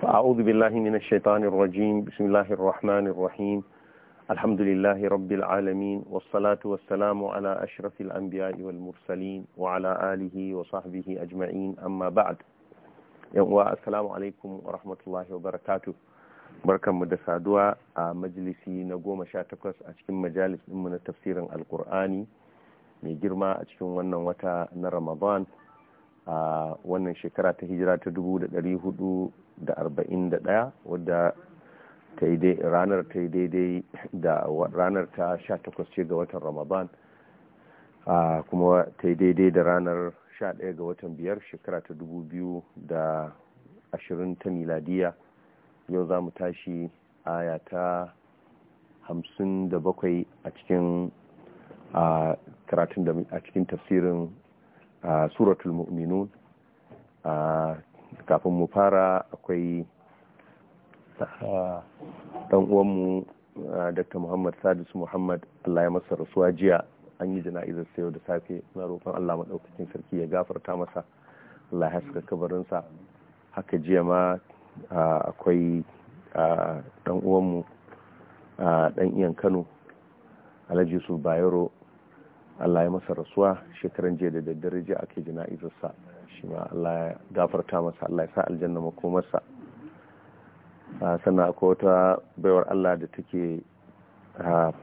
فأعوذ بالله من الشيطان الرجيم بسم الله الرحمن الرحيم الحمد لله رب العالمين والصلاة والسلام على أشرف الأنبياء والمرسلين وعلى آله وصحبه أجمعين أما بعد السلام عليكم ورحمة الله وبركاته barkan mu da saduwa a majalisi na goma sha takwas a cikin majalis ɗinmu na tafsirin alkur'ani mai girma a cikin wannan wata na ramadan a wannan shekara ta hijira ta 441 wadda ta yi ranar ta yi daidai da ranar ta 18 ce ga watan ramadan kuma ta yi daidai da ranar 11 ga watan biyar shekara ta 2020 ta miladiya yau za mu tashi aya ta 57 a cikin a karatun da a cikin tafsirin a suratul mu'minun kafin mu fara akwai dan uwanmu dr muhammad sadis muhammad allah ya masa rasuwa jiya an yi jana'izar sayo da safe na roƙon allah maɗaukacin sarki ya gafarta masa allah ya suka kabarinsa haka jiya ma akwai dan uwanmu dan iyan kano alhaji su bayero Allah ya masa rasuwa shekaran jiya da daddare jiya ake jana'izarsa shi ma Allah ya gafarta masa Allah ya sa aljanna makomarsa sannan akwai wata baiwar Allah da take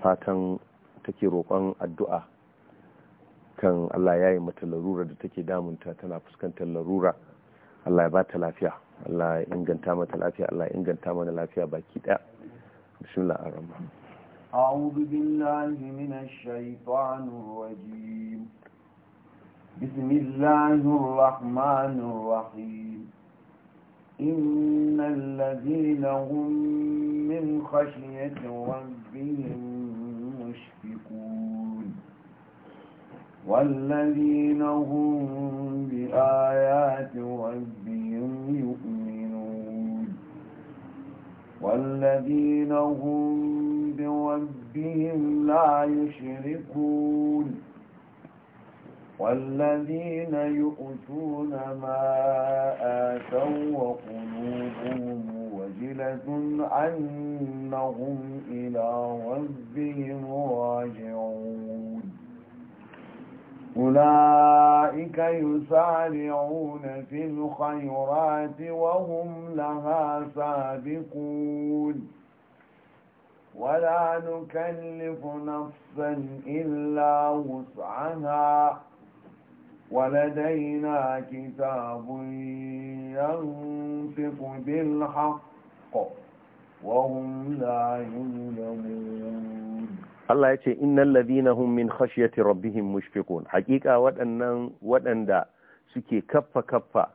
fatan take roƙon addu'a kan Allah ya yi mata larura da take damunta tana fuskantar larura Allah ya ba ta lafiya Allah ya inganta mata lafiya Allah ya inganta mana lafiya baki ɗaya bismillah ar-rahman أعوذ بالله من الشيطان الرجيم بسم الله الرحمن الرحيم إن الذين هم من خشية ربهم مشفقون والذين هم بآيات ربهم يؤمنون والذين هم بربهم لا يشركون والذين يؤتون ما آتوا وقلوبهم وجلة أنهم إلى ربهم راجعون أولئك يسارعون في الخيرات وهم لها سابقون ولا نكلف نفسا إلا وسعها ولدينا كتاب ينطق بالحق وهم لا يظلمون Allah ya ce, Innan ladina hunmin min khashyati rabbihim mushfiqun hakika waɗannan waɗanda suke kaffa-kaffa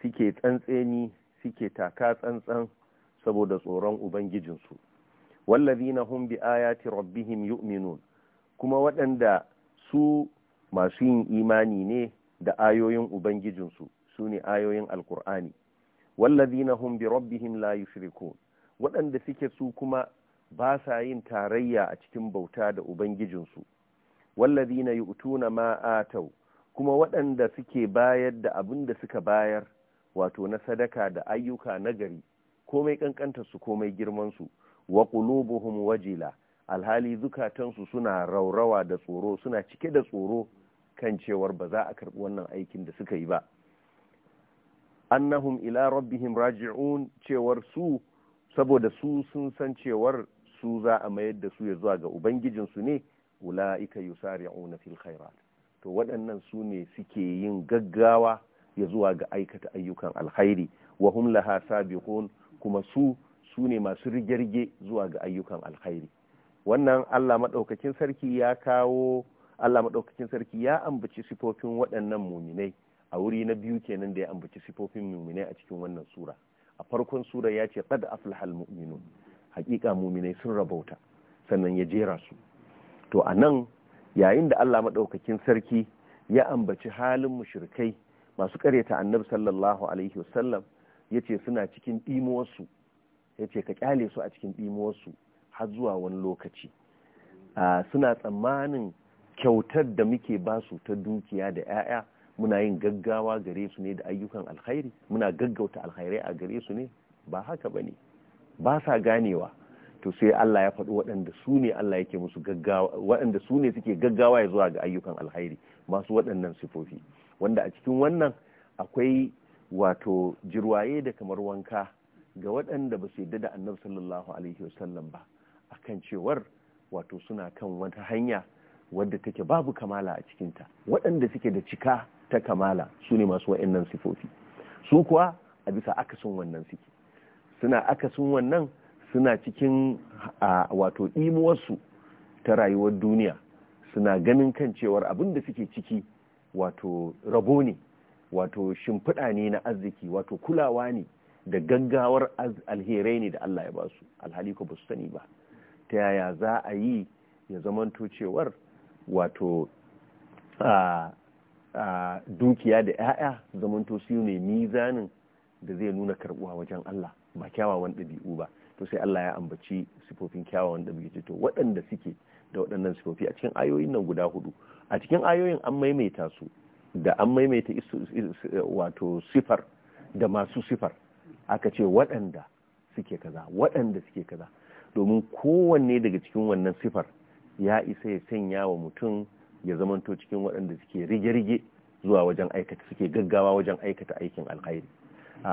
suke tsantseni suke taka tsantsan saboda tsoron Ubangijinsu. wallazina hum bi ayati rabbihim yu'minun kuma waɗanda su masu yin imani ne da ayoyin ubangijinsu su ne ayoyin alkur'ani wallazina hum bi rabbihim la yushrikun waɗanda suke su kuma ba sa yin tarayya a cikin bauta da ubangijinsu wallazina yu'tuna ma atau kuma waɗanda suke bayar da abin da suka bayar wato na sadaka da ayyuka nagari komai kankanta su komai girman su wa qulubuhum wajila alhali zukatansu suna raurawa da tsoro suna cike da tsoro kan cewar ba za a karbi wannan aikin da suka yi ba annahum ila rabbihim raji'un cewar su saboda su sun san cewar su za a mayar da su ya zuwa ga su ne ula'ika yusari'una fil khairat to waɗannan su ne suke yin gaggawa ya zuwa ga aikata ayyukan alkhairi wa hum laha sabiqun kuma su su ne masu rige-rige zuwa ga ayyukan alkhairi wannan Allah maɗaukakin sarki ya kawo Allah maɗaukakin sarki ya ambaci sifofin waɗannan muminai a wuri na biyu kenan da ya ambaci sifofin muminai a cikin wannan sura a farkon sura ya ce qad aflahal mu'minun haƙiƙa muminai sun rabauta sannan ya jera su to a nan yayin da Allah maɗaukakin sarki ya ambaci halin mushrikai masu ƙaryata annabi sallallahu alaihi wasallam yace suna cikin ɗimuwarsu ya ce ka kyale su a cikin ɗimuwarsu har zuwa wani lokaci suna tsammanin kyautar da muke ba su ta dukiya da 'ya'ya muna yin gaggawa gare su ne da ayyukan alkhairi muna gaggauta alkhairai a gare su ne ba haka ba ne ba sa ganewa to sai Allah ya faɗo waɗanda su ne Allah yake musu gaggawa waɗanda su ne suke gaggawa ya zuwa ga ayyukan alkhairi masu waɗannan sifofi wanda a cikin wannan akwai wato jirwaye da kamar wanka ga waɗanda ba su yadda da annabi sallallahu alaihi wasallam ba akan cewar wato suna kan wata hanya wadda take babu kamala a cikinta waɗanda suke da cika ta kamala su ne masu wa'annan sifofi su kuwa a bisa akasin wannan suke suna akasin wannan suna cikin wato imuwarsu ta rayuwar duniya suna ganin kan cewar abin da suke ciki wato rabo ne wato shimfiɗa ne na arziki wato kulawa ne da gaggawar alherai ne da Allah ya ba su alhali ko ba sani ba ta yaya za a yi ya zamanto cewar wato dukiya da 'ya'ya zamanto su ne mizanin da zai nuna karbuwa wajen Allah ba kyawawan ɗabi'u ba to sai Allah ya ambaci sifofin kyawawan ɗabi'u to waɗanda suke da waɗannan sifofi a cikin ayoyin nan guda hudu a cikin ayoyin an maimaita su da an maimaita wato sifar da masu sifar aka ce waɗanda suke kaza waɗanda suke kaza domin kowanne daga cikin wannan sifar ya isa ya sanya wa mutum ya zamanto cikin waɗanda suke rige-rige zuwa wajen aikata suke gaggawa wajen aikata aikin alkhairi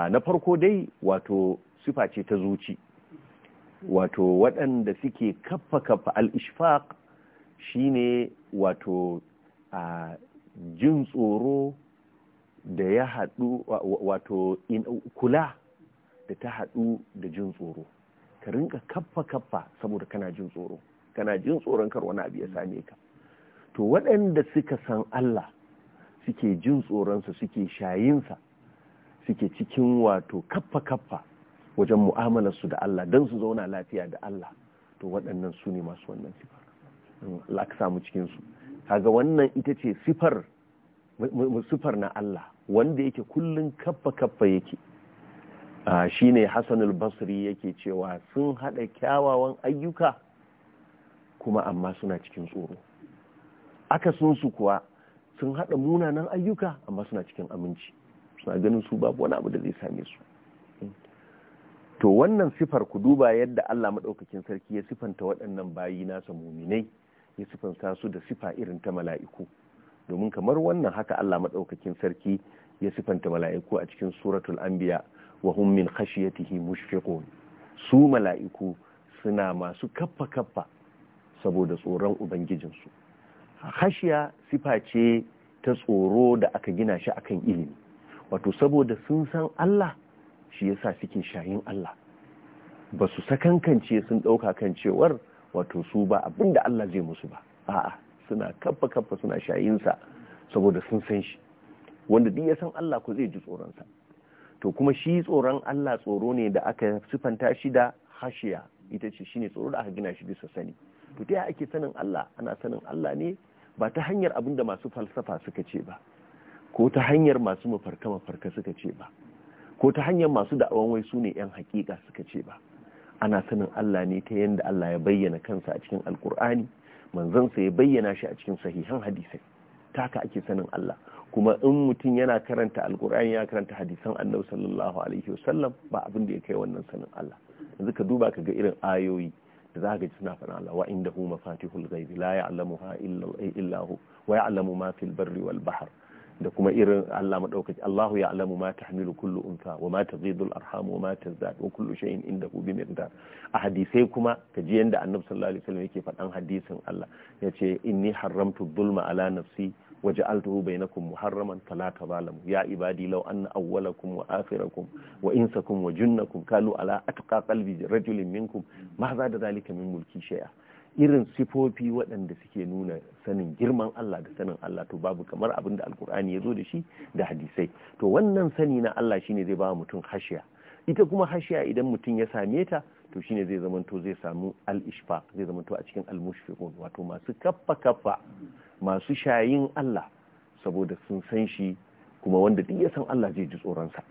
na farko dai wato sifa ce ta zuci wato waɗanda suke kaffa kaffa al-ishfaq shine wato a jin tsoro da ya haɗu wato kula da ta haɗu da jin tsoro ka rinka kaffa kaffa saboda kana jin tsoro kana jin tsoron kar wani abu ya same ka to waɗanda suka san Allah suke jin tsoronsa suke shayinsa suke cikin wato kaffa kaffa wajen mu'amalarsu da Allah don su zauna lafiya da Allah to waɗannan su ne masu wannan sifar Allah ka samu cikin su kaga wannan ita ce sifar sifar na Allah wanda yake kullun kaffa kaffa yake Ah, shi ne hassan basri yake cewa sun haɗa kyawawan ayyuka kuma amma suna cikin tsoro akasinsu kuwa sun haɗa munanan ayyuka amma suna cikin aminci suna ganin su babu wani abu da zai same su to wannan sifar ku duba yadda Allah maɗaukakin sarki ya sifanta waɗannan bayi nasa muminai ya sifanta su da sifa irin ta mala'iku domin kamar wannan haka Allah maɗaukakin sarki ya sifanta mala'iku a cikin suratul anbiya wa hum min khashiyatihi mushfiqun su mala'iku suna masu kaffa kaffa saboda tsoron ubangijinsu khashiya sifa ce ta tsoro da aka gina shi akan ilimi wato saboda sun san Allah shi yasa suke shayin Allah ba su sakankance sun ɗauka kan cewar wato su ba abinda Allah zai musu ba a'a suna kaffa kaffa suna shayinsa saboda sun san shi wanda duk ya san Allah ko zai ji tsoronsa to kuma shi tsoron Allah tsoro ne da aka sifanta shi da hashiya ita ce shine tsoro da aka gina shi bisa sani to ta ake sanin Allah ana sanin Allah ne ba ta hanyar abin da masu falsafa suka ce ba ko ta hanyar masu mafarka mafarka suka ce ba ko ta hanyar masu da'awan wai su ne yan hakika suka ce ba ana sanin Allah ne ta yadda Allah ya bayyana kansa a cikin alkur'ani manzansa ya bayyana shi a cikin sahihan hadisai ta haka ake sanin Allah kuma in mutum yana karanta alkur'ani ya karanta hadisan annabi sallallahu alaihi wasallam ba abin da ya kai wannan sanin Allah yanzu ka duba ka ga irin ayoyi da za ka ji suna faɗa Allah wa indahu mafatihul ghaibi la ya'lamuha illa illa hu wa ya'lamu ma fil barri wal bahr da kuma irin Allah madaukaki Allahu ya'lamu ma tahmilu kullu unsa wa ma tazidul arham wa ma tazad wa kullu shay'in indahu bi miqdar a hadisai kuma ka ji yanda annabi sallallahu alaihi wasallam yake faɗan hadisin Allah yace inni haramtu dhulma ala nafsi وجعلته بينكم محرما فلا تظالموا يا عبادي لو أن أولكم وآخركم وإنسكم وجنكم كانوا على أتقى قلب رجل منكم ما زاد ذلك من ملك شيئا irin sifofi waɗanda suke nuna sanin girman Allah da sanin Allah to babu kamar abin da alkur'ani ya zo da shi da hadisai to wannan sani na Allah shine zai ba mutum hashiya ita kuma hashiya idan mutum ya same ta to shine zai to zai samu al-ishfaq zai zamanto a cikin al-mushfiqun wato masu kaffa kaffa masu shayin Allah saboda sun san shi kuma wanda duk ya san Allah zai ji tsoron sa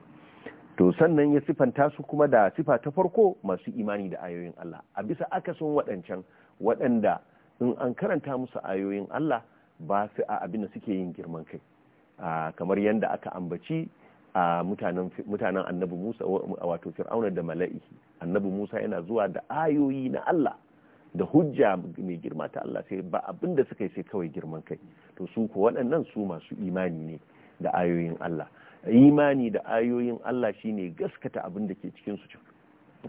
to sannan ya sifanta su kuma da sifa ta farko masu imani da ayoyin Allah a bisa aka akasin waɗancan waɗanda in an karanta musu ayoyin Allah ba su a abin da suke yin girman kai ah, kamar yadda aka ambaci a mutanen annabi Musa wato fir'auna da mala'iki annabi Musa yana zuwa da ayoyi na Allah da hujja mai girma ta Allah sai ba abin da suka yi sai kawai girman kai to su ko waɗannan su masu imani ne da ayoyin Allah imani da ayoyin Allah shine gaskata abin da ke cikin su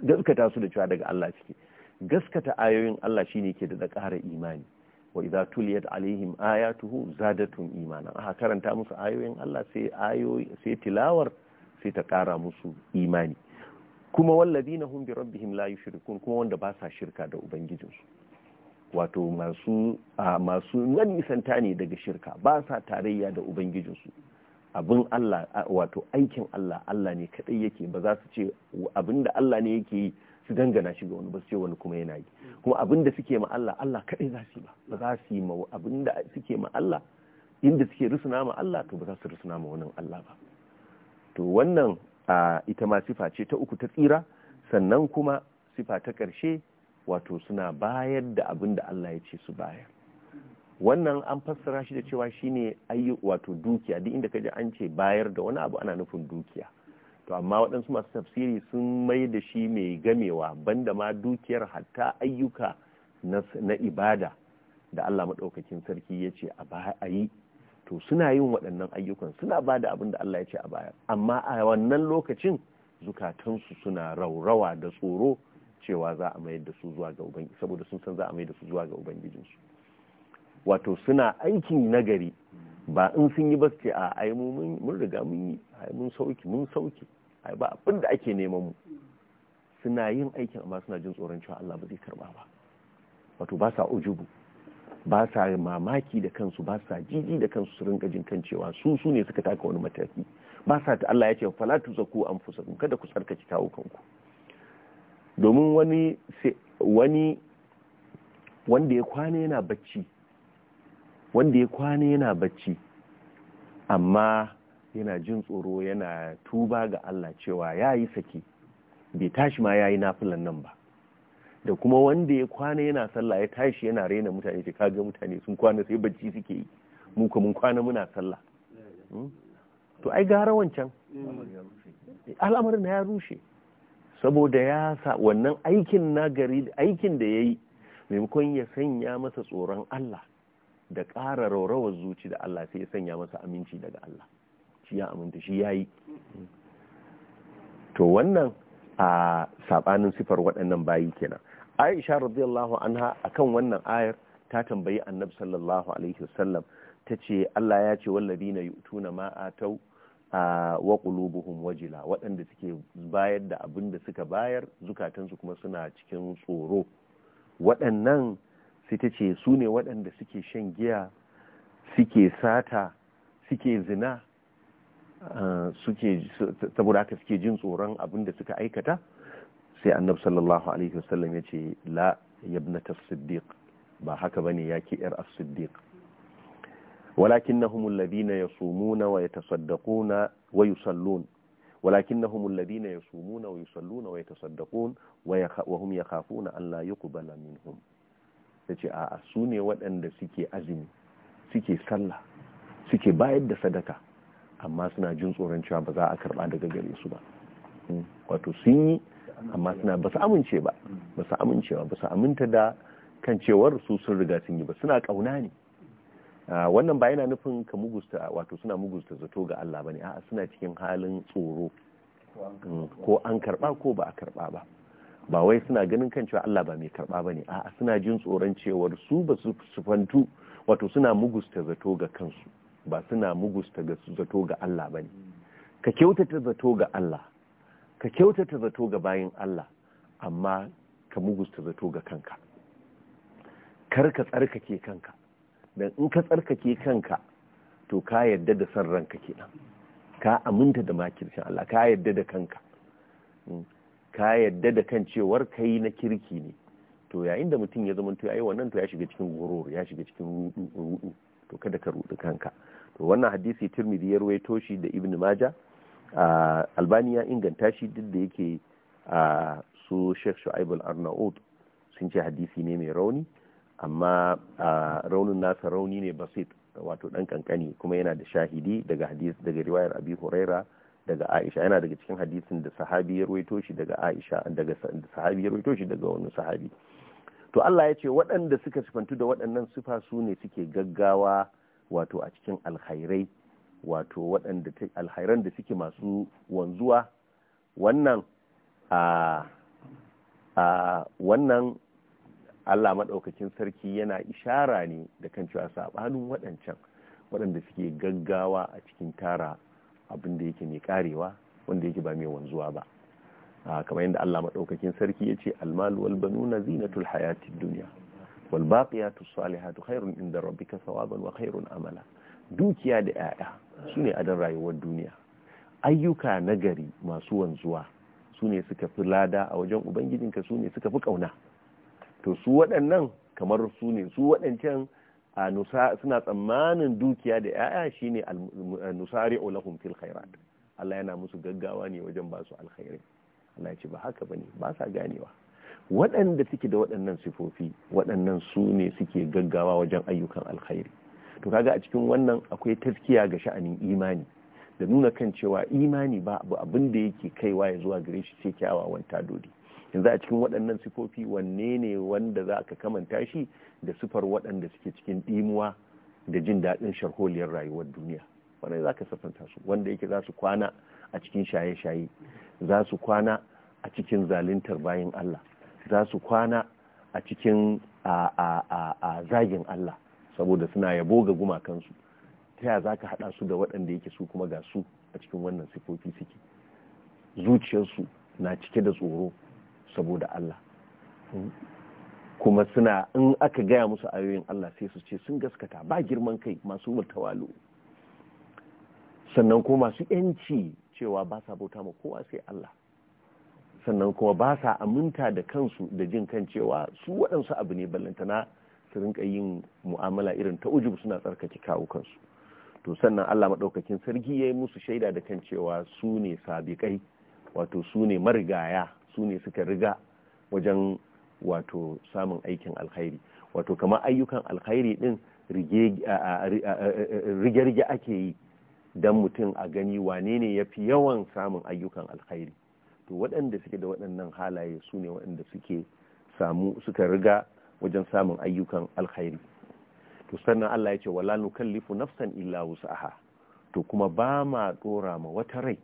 gaskata su da cewa daga Allah ciki gaskata ayoyin Allah shine ke da ƙara imani wa idza tuliyat alaihim ayatuhu zadatun imana aka karanta musu ayoyin Allah sai ayoyi sai tilawar sai ta kara musu imani kuma walladina hum bi rabbihim la yushrikun kuma wanda ba sa shirka da ubangijinsu wato masu masu santa ne daga shirka ba sa tarayya da ubangijinsu abin Allah wato aikin Allah Allah ne kadai yake ba za su ce abinda Allah ne yake yi su dangana shi ga wani ba su ce wani kuma yana yi kuma abin suke ma Allah Allah kadai za su yi ba ba za su yi ma abin suke ma Allah inda suke rusuna ma Allah to ba za su rusuna ma wani Allah ba to wannan ita ma sifa ce ta uku ta tsira sannan kuma sifa ta karshe wato suna bayar da abin da Allah ya ce su bayar wannan an fassara shi da cewa shine ayyu wato dukiya duk inda kaje an ce bayar da wani abu ana nufin dukiya to amma waɗansu masu tafsiri sun mai da shi mai gamewa banda ma dukiyar hatta ayyuka na ibada da Allah maɗaukakin sarki ya ce a yi to suna yin waɗannan ayyukan suna ba da abin da Allah ya ce a baya amma a wannan lokacin zukatansu suna raurawa da tsoro cewa za a mayar da su zuwa ga ubangiji saboda sun san za a mayar da su zuwa ga ubangijinsu wato suna aikin nagari ba in sun yi ba su ce a ai mun riga mun yi ai mun sauki mun sauki ai ba abin da ake neman mu suna yin aikin amma suna jin tsoron cewa Allah ba zai karba ba wato ba sa ujubu ba sa mamaki da kansu ba sa jiji da kansu su rinka jin kan cewa su su ne suka taka wani mataki ba sa ta Allah ya ce fala tuzaku anfusakum kada ku sarkaci kawo kanku domin wani wani wanda ya kwana yana bacci wanda ya kwana yana bacci amma yana jin tsoro yana tuba ga Allah cewa ya yi saki bai tashi ma ya yi nafilan nan ba da kuma wanda ya kwana yana sallah ya tashi yana raina mutane ce kaga mutane sun kwana sai bacci suke yi mu kuma mun kwana muna sallah hmm? to ai gara wancan al'amarin ya rushe saboda ya sa wannan aikin na gari aikin da ya yi maimakon ya sanya masa tsoron Allah da ƙara raurawar zuci da Allah sai ya sanya masa aminci daga Allah shi ya aminta shi ya yi to wannan a sabanin sifar waɗannan bayi kenan aisha radiyallahu anha kan wannan ayar ta tambayi annabi sallallahu alaihi wasallam ta ce Allah ya ce wallazina yu'tuna ma atau wa qulubuhum wajila waɗanda suke bayar da abin da suka bayar zukatansu kuma suna cikin tsoro waɗannan sai ta ce su ne waɗanda suke shan giya suke sata suke zina suke saboda haka suke jin tsoron abin da suka aikata sai annab sallallahu alaihi wasallam ya ce la yabnata siddiq ba haka bane yake yar as-siddiq walakinnahum alladhina yasumuna wa yatasaddaquna wa yusallun walakinnahum alladhina yasumuna wa yusalluna wa yatasaddaqun wa hum yakhafuna an la yuqbala minhum yace a su ne waɗanda suke azumi suke sallah suke bayar da sadaka amma suna jin tsoron cewa ba za a karba daga gare su ba hmm. wato sun yi amma suna ba su amince ba ba su amincewa ba su aminta da kan cewar su sun riga sun yi ba suna kauna ne wannan ba yana nufin ka mugusta wato suna mugusta zato ga Allah bane a'a suna cikin halin tsoro hmm. ko an karba ko ba a karba ba ba wai suna ganin kan cewa Allah ba mai karba bane a'a suna jin tsoron cewar su ba su fantu wato suna mugusta zato ga kansu ba suna mugusta ga zato ga Allah ba ne. ka kyautata zato ga Allah ka kyautata zato ga bayan Allah amma ka mugusta zato ga kanka kar ka tsarkake kanka don in ka tsarkake kanka to ka yadda da san ranka kenan ka aminta da makircin Allah ka yadda da kanka hmm. ka yadda da kan cewar kai na kirki ne to yayin da mutum ya zama to yayi wannan to ya shiga cikin goro, ya shiga cikin rudu to kada ka rudu kanka to wannan hadisi tirmidhi ya ruwaito shi da ibn maja albani ya inganta shi duk da yake su sheikh shu'aib al-arnaud sun ce hadisi ne mai rauni amma raunin nasa rauni ne basit wato dan kankani kuma yana da shahidi daga hadis daga riwayar abi huraira daga aisha yana daga cikin hadisin da sahabi ya ruwaito shi daga aisha daga sahabi ya ruwaito shi daga wani sahabi to Allah ya ce waɗanda suka sifantu da waɗannan sifa su ne suke gaggawa wato a cikin alhairai wato waɗanda alhairan da suke masu wanzuwa wannan a a wannan Allah maɗaukakin sarki yana ishara ne da kan cewa saɓanin waɗancan waɗanda suke gaggawa a cikin tara abin yake mai karewa wanda yake ba mai wanzuwa ba kamar yadda Allah maɗaukakin sarki ya ce almalu wal banuna zinatul hayatid duniya wal baqiyatu salihatu khairun inda rabbika thawaban wa khairun amala dukiya da yaya sune adan rayuwar duniya ayyuka nagari masu wanzuwa sune suka fi lada a wajen ubangijinka sune suka fi kauna to su wadannan kamar su ne su waɗancan a nusa suna tsammanin dukiya da yaya shine nusari lahum fil khairat Allah yana musu gaggawa ne wajen ba su alkhairai Allah ya ce ba haka bane ba sa ganewa waɗanda suke da waɗannan sifofi waɗannan su ne suke gaggawa wajen ayyukan alkhairi to kaga a cikin wannan akwai taskiya ga sha'anin imani da nuna kan cewa imani ba abu abin da yake kaiwa ya zuwa gare shi sai kyawawan tadodi yanzu a cikin waɗannan sifofi wanne ne wanda za ka kamanta shi da sifar waɗanda suke cikin ɗimuwa da jin daɗin sharholiyar rayuwar duniya wanda za ka safanta su wanda yake za su kwana a cikin shaye-shaye za su kwana a cikin zaluntar bayan Allah za su kwana a cikin a zagin Allah saboda suna yabo ga gumakansu ta yaya za ka haɗa su da waɗanda yake su kuma ga su a cikin wannan sifofi suke zuciyarsu na cike da tsoro saboda Allah kuma suna in aka gaya musu ayoyin Allah sai su ce sun gaskata ba girman kai masu mutawalu sannan ko masu yanci cewa ba sa bauta ma kowa sai Allah sannan kuma ba sa aminta da kansu da jin kan cewa su waɗansu abu ne ballantana su rinka yin mu'amala irin ta ujub suna tsarkake kawo kansu to sannan Allah maɗaukakin sarki ya yi musu shaida da kan cewa su ne sabiƙai wato su ne marigaya su ne suka riga wajen wato samun aikin alkhairi wato kamar ayyukan alkhairi ɗin rige-rige ake yi don mutum a gani wane ne ya fi yawan samun ayyukan alkhairi to waɗanda suke da waɗannan halaye su ne waɗanda suke samu suka riga wajen samun ayyukan alkhairi to sannan Allah ya ce wala nukallifu nafsan illa wus'aha to kuma ba ma dora ma wata rai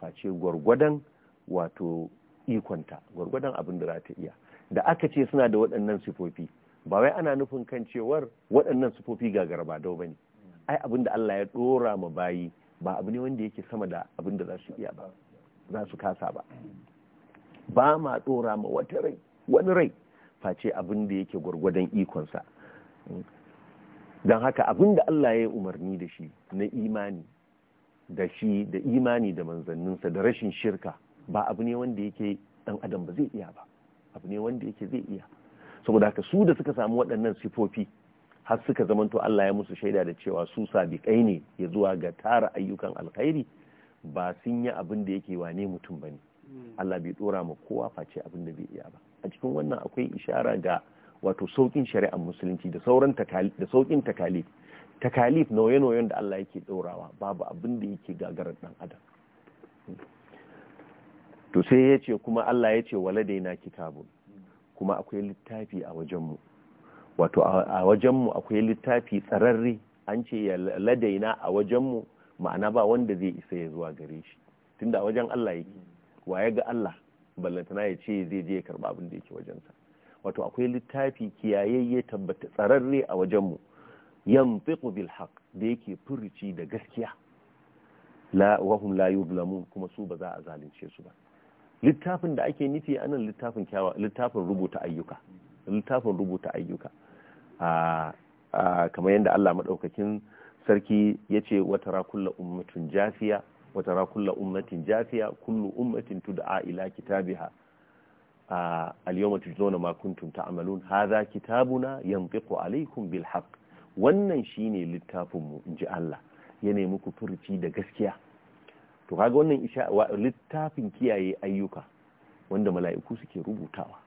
face gwargwadon wato ikonta gwargwadon abin da za ta iya da aka ce suna da waɗannan sifofi ba wai ana nufin kan cewar waɗannan sifofi ga ba dau bane ai abin da Allah ya dora ma bayi ba abu ne wanda yake sama da abin da za su iya ba za su kasa ba ba ma tsora ma wata rai wani rai face abin da yake gwargwadon ikonsa don haka abin da Allah ya yi umarni da shi na imani da shi da imani da manzanninsa da rashin shirka ba abu ne wanda yake dan adam ba zai iya ba abu ne wanda yake zai iya saboda haka su da suka samu waɗannan sifofi har suka zamanto Allah ya musu shaida da cewa su sabi ne ya zuwa ga tara ayyukan alkhairi ba sun yi abin da yake wane mutum ba ne hmm. Allah bai dora ma kowa face abin da bai iya ba a cikin wannan akwai ishara ga wato saukin shari'ar musulunci da sauran da saukin takalif takalif nauye-nauyen da Allah yake dorawa babu abin da yake gagarar dan adam to sai ya ce kuma Allah ya ce waladaina kitabun kuma akwai littafi a wajenmu wato a wajenmu akwai littafi tsararre an ce ladaina a wajenmu ma'ana ba wanda zai isa ya zuwa gare shi tunda a wajen Allah yake wa ya ga Allah ballantana ya ce zai je ya karba abin da yake wajensa wato akwai littafi kiyayayye tabbata tsararre a wajen mu. yanfiqu bil haqq da yake furuci da gaskiya la wahum la yuzlamun kuma su ba za a zalunce su ba littafin da ake nufi anan littafin kyawa littafin rubuta ayyuka littafin rubuta ayyuka a ah, ah, kamar yadda Allah madaukakin sarki ya ce wata rakulla ummatin jafiya wata rakulla ummatin jafiya kullu ummatin tud'a ila kitabiha al-yawma tujzauna ma kuntum ta'malun hadha kitabuna yantiqu alaykum bil haqq wannan shine littafin mu inji Allah ya nemi ku furuci da gaskiya to kaga wannan littafin kiyaye ayyuka wanda mala'iku suke rubutawa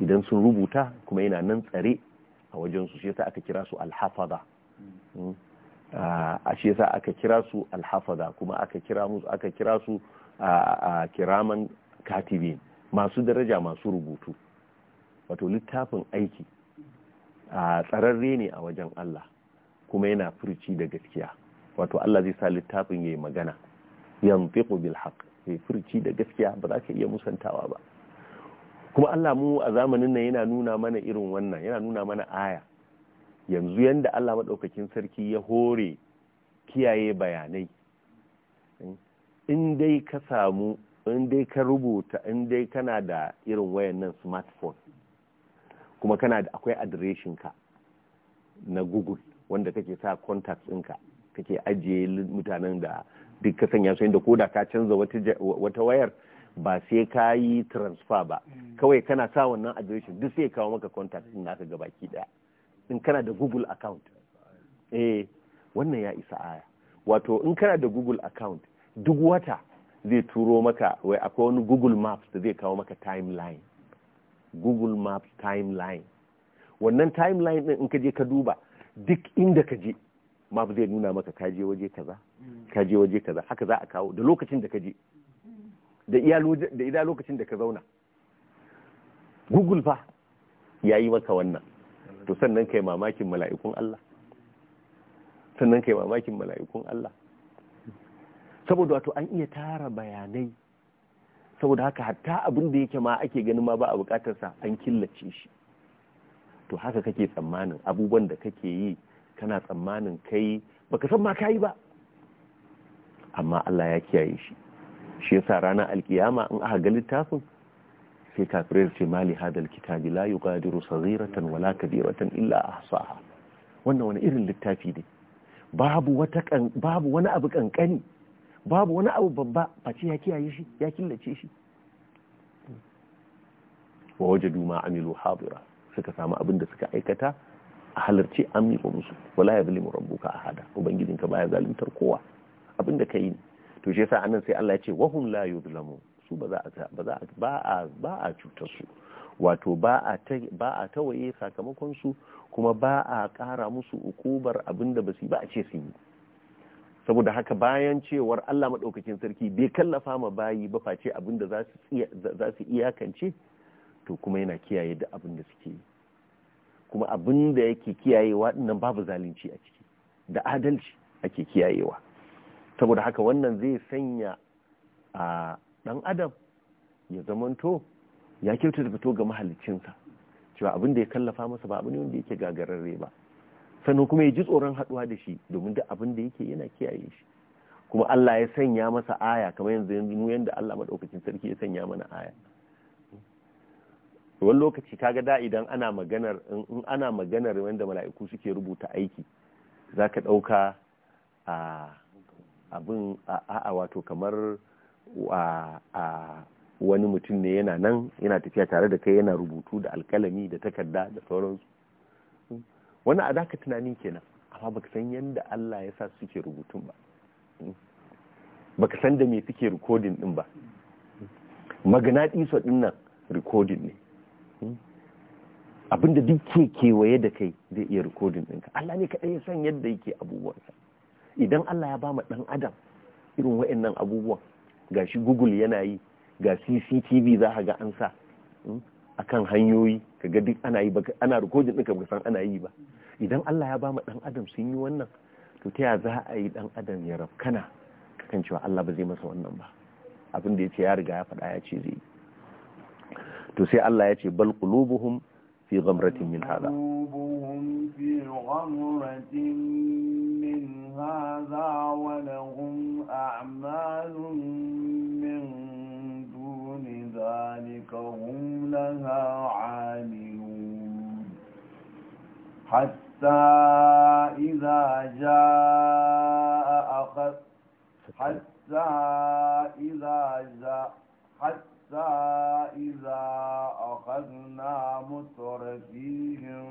idan sun rubuta kuma yana nan tsare a wajen su shi yasa aka kira su al-hafaza hmm. a shi yasa aka kira su alhafaza kuma aka kira musu aka kira su a kiraman katibin masu daraja masu rubutu wato littafin aiki a tsararre ne a wajen Allah kuma yana furci da gaskiya wato Allah zai sa littafin yayi magana yanfiqu bil haqq yayi furci da gaskiya ba za ka iya musantawa ba kuma Allah mu a zamanin nan yana nuna mana irin wannan yana nuna mana aya yanzu yanda Allah maɗaukakin sarki ya hore kiyaye bayanai in dai ka samu in dai ka rubuta in dai kana da irin wayan wayannan smartphone kuma kana da akwai adireshin ka na google wanda kake sa contacts ɗinka kake ajiye mutanen da duk ka sanya su inda koda ka canza wata wayar ba sai ka yi transfer ba mm. kawai kana sa wannan adireshin duk sai kawo maka contact ɗin naka gabaki daya in kana da google account eh wannan ya isa aya wato in kana da google account duk wata zai turo maka wai akwai wani google maps da zai kawo maka timeline google maps timeline wannan timeline din in ka je ka duba duk inda ka je map zai nuna maka ka je waje kaza ka je waje kaza haka za a kawo da lokacin da ka je da iya lokacin da ka zauna google fa yayi maka wannan to sannan kai mamakin mala'ikun Allah sannan kai mamakin mala'ikun Allah saboda wato an iya tara bayanai saboda haka hatta abin da yake ma ake ganin ma ba a bukatarsa an killace shi to haka kake tsammanin abubuwan da kake yi kana tsammanin kai baka san ma kayi ba amma Allah ya kiyaye shi shi yasa ranar alkiyama in aka ga littafin sai kafirai ce mali hadal kitabi la yuqadiru saghiratan wala kabiratan illa ahsaha wannan wani irin littafi ne babu wata babu wani abu kankani babu wani abu babba face ya kiyaye shi ya killace shi wa wajadu ma amilu hadira suka samu abin da suka aikata a halarci an musu wala ya zalimu rabbuka ahada ubangijinka baya zaluntar kowa abin da kai to shi yasa anan sai Allah ya ce hum la yuzlamun su ba a cutar su wato ba a tawaye sakamakon su kuma ba a kara musu ukubar abin da ba su ba a ce su yi saboda haka bayan cewar Allah maɗaukakin sarki bai kallafa ma bayi ba face abin da za su iyakance to kuma yana kiyaye da abin suke yi kuma abinda da yake kiyayewa nan babu zalunci a ciki da adalci ake kiyayewa saboda haka wannan zai sanya a dan adam ya zamanto ya kyauta da fito ga mahalicinsa cewa abin da ya kallafa masa ba abu ne wanda yake gagararre ba sannan kuma ya ji tsoron haduwa da shi domin duk abin da yake yana kiyaye shi kuma Allah ya sanya masa aya kamar yanzu yanzu mu yanda Allah madaukakin sarki ya sanya mana aya wani lokaci kaga da idan ana maganar in ana maganar wanda mala'iku suke rubuta aiki zaka dauka a abin a wato kamar wani mutum ne yana nan yana tafiya tare da kai yana rubutu da alkalami da takarda da sauransu wani a daka tunanin kenan amma baka san yadda Allah ya sa suke rubutun ba baka san da me suke rikodin din ba magnatiso din nan rikodin ne abinda duk ke kewaye da kai zai iya rikodin ɗinka Allah ne kaɗai ya san yadda yake abubuwansa idan Allah ya ba ma ɗan adam irin waɗannan abubuwan ga shi google yana yi ga cctv za a ga an sa hmm, a kan hanyoyi kaga duk ana yi ana rikodin ɗin ka san ana yi ba idan allah ya ba mu ɗan adam sun yi wannan to ta za a yi ɗan adam ya rafkana kan cewa allah ba zai masa wannan ba abin da ya ce ya riga ya faɗa ya ce zai yi to sai allah ya ce bal qulubuhum fi ghamratin min hada qulubuhum من هذا ولهم أعمال من دون ذلك هم لها عاملون حتى إذا جاء أخذ حتى إذا جاء حتى حتى إذا أخذنا مترفيهم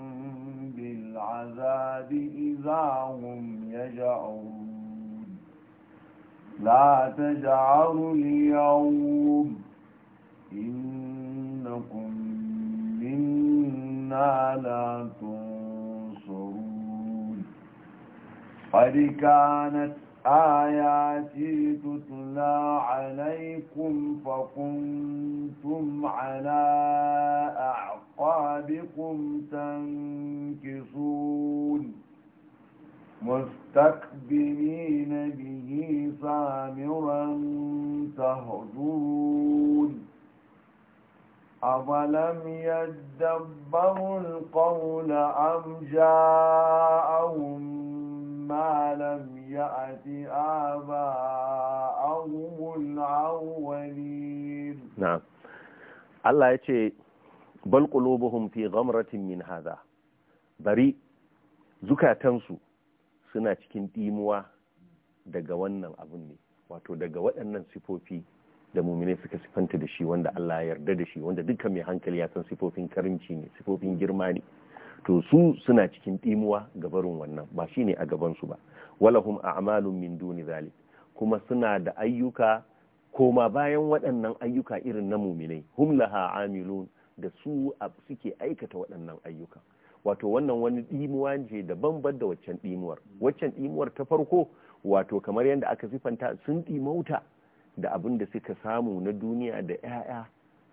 بالعذاب إذا هم يجعون لا تجعلوا اليوم إنكم منا لا تنصرون قد كانت آياتي تتلى عليكم فكنتم على أعقابكم تنكصون مستكبرين به سامرا تهجون أَوَلَمْ يَدَّبَّرُوا الْقَوْلَ أَمْ جَاءَهُمْ ما لم يأت آباءهم الأولين نعم الله يتي بل قلوبهم في غمرة من هذا bari zukatansu suna cikin ɗimuwa daga wannan abun ne wato daga waɗannan sifofi da mumine suka sifanta da shi wanda Allah ya yarda da shi wanda dukkan mai hankali ya san sifofin karinci ne sifofin girma ne to su suna cikin ɗimuwa ga barin wannan ba shine a gabansu ba walahum a'malun min duni zalik kuma suna da ayyuka koma bayan waɗannan ayyuka irin na muminai hum laha amilun da su suke aikata waɗannan ayyuka wato wannan wani ɗimuwa ce daban da waccan ɗimuwar waccan ɗimuwar ta farko wato kamar yadda aka sifanta sun ɗimauta da abin da suka samu na duniya da 'ya'ya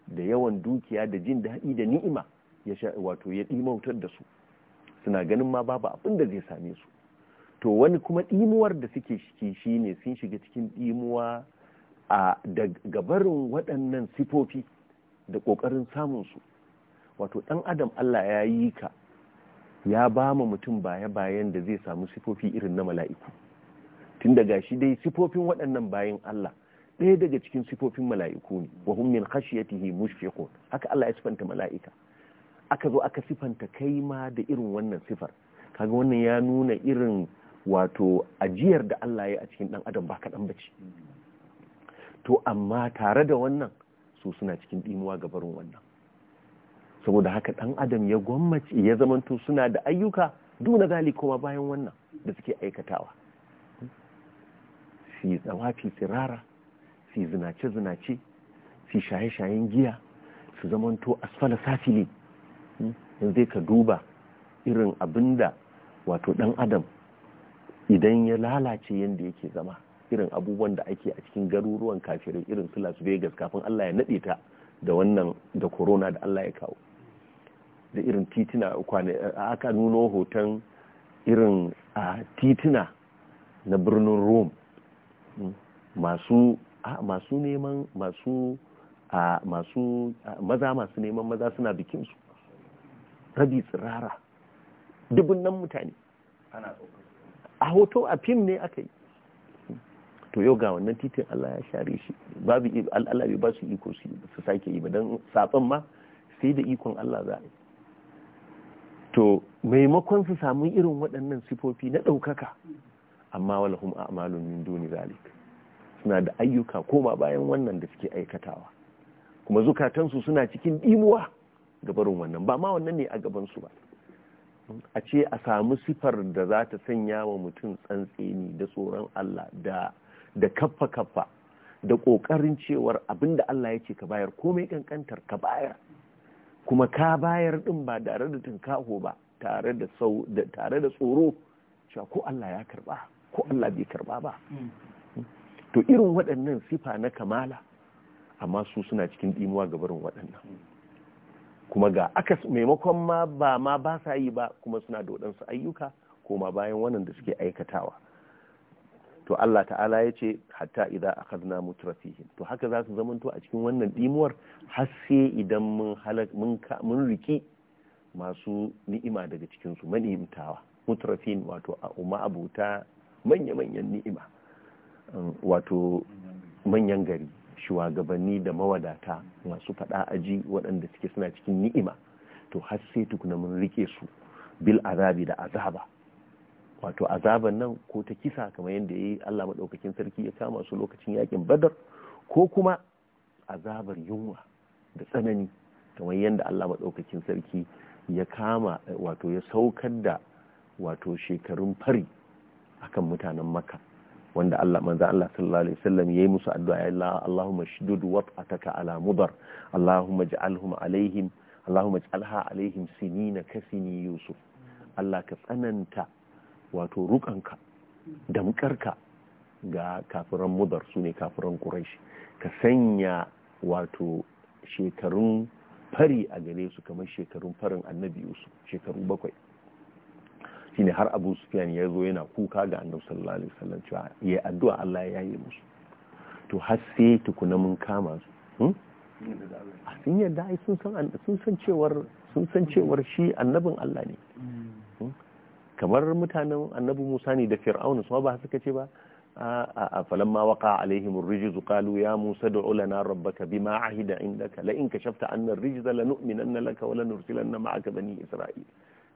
da yawan dukiya da jin daɗi da ni'ima ya sha wato ya dimautar da su suna ganin ma babu abin da zai same su to wani kuma ɗimuwar da suke shiki shine sun shiga cikin ɗimuwa a gabarin waɗannan sifofi da ƙoƙarin samun su wato ɗan adam Allah ya yi ka ya ba mu mutum baya bayan da zai samu sifofi irin na mala'iku tun daga shi dai sifofin waɗannan bayan Allah ɗaya daga cikin sifofin mala'iku ne wa hum min khashyatihi mushfiqun haka Allah ya sifanta mala'ika aka zo aka sifanta kai ma da irin wannan sifar kaga wannan ya nuna irin wato ajiyar da Allah ya a cikin dan adam ba kaɗan bace to amma tare da wannan su suna cikin dimuwa ga barin wannan saboda haka dan adam ya gwammace ya zamanto suna da ayyuka duna zali kuma bayan wannan da suke aikatawa su yi tsawafi tsirara su zinace-zinace su shaye-shayen giya su zamanto asfala safilin yanzu ka duba irin abin wato ɗan adam idan ya lalace yadda yake zama irin abubuwan da ake a cikin garuruwan kafirai irin su las vegas kafin allah ya naɗe ta da wannan da corona da allah ya kawo da irin titina aka nuno hoton irin a titina na birnin rome masu neman masu maza masu neman maza suna bikinsu rabi tsirara dubunnan mutane a hoto a fim ne aka yi to yau ga wannan titin Allah ya share shi babu Allah bai ba su iko su sake yi ba don saban ma sai da ikon Allah za a yi to maimakon su samu irin waɗannan sifofi na ɗaukaka amma walahum a'malun min duni zalik suna da ayyuka koma bayan wannan da suke aikatawa kuma zukatansu suna cikin dimuwa gabarin wannan ba ma wannan ne a gabansu ba a ce a samu sifar da za ta sanya wa mutum tsantseni da tsoron Allah da kaffa kaffa da ƙoƙarin cewar abinda Allah ya ce ka bayar komai kankantar ka bayar kuma ka bayar ɗin ba tare da tunkaho ba tare da tsoro cewa ko Allah ya karba ko Allah bai karba ba to irin waɗannan sifa na kamala amma su suna cikin dimuwa ga waɗannan kuma ga aka maimakon ma ba ma ba sa yi ba kuma suna da waɗansu ayyuka ma bayan wannan da suke aikatawa to Allah ta'ala ya ce hatta idza akhadna mutrafihim to haka za su zamanto a cikin wannan dimuwar har sai idan mun halak mun mun riki masu ni'ima daga cikin su mani'imtawa mutrafin wato a umma abuta manya-manyan ni'ima um, wato manyan gari shugabanni da mawadata masu faɗa aji waɗanda suke suna cikin ni'ima to har sai tukuna mun rike su bil azabi da azaba wato azaban nan ko ta kisa kamar yadda ya yi Allah maɗaukakin sarki ya kama su lokacin yakin badar ko kuma azabar yunwa da tsanani kamar yadda Allah maɗaukakin sarki ya kama wato ya saukar da wato shekarun fari akan mutanen makka wanda Allah manzo Allah sallallahu alaihi wasallam yayi musu addu'a ya Allahumma shudud wat'ataka ala mudar Allahumma ij'alhum alaihim Allahumma ij'alha alaihim sinina kasini Yusuf Allah ka tsananta wato rukanka damkarka ga kafiran mudar sune kafiran quraish ka sanya wato shekarun fari a gare su kamar shekarun farin annabi Yusuf shekaru bakwai shine har abu sufiyan ya zo yana kuka ga annabi sallallahu alaihi wasallam cewa ya addu'a Allah ya yi musu to har sai tukuna mun kama su hmm? a ah, sun yadda ai sun san sun san cewar sun san cewar shi annabin Allah ne hmm? kamar mutanen annabi Musa ne da Fir'aun su ba suka ce ba a falamma waqa alaihim ar-rijzu qalu ya Musa ud'u lana rabbaka bima ahida indaka la in kashafta anna ar-rijza lanu'minanna laka wa lanursilanna ma'aka bani Isra'il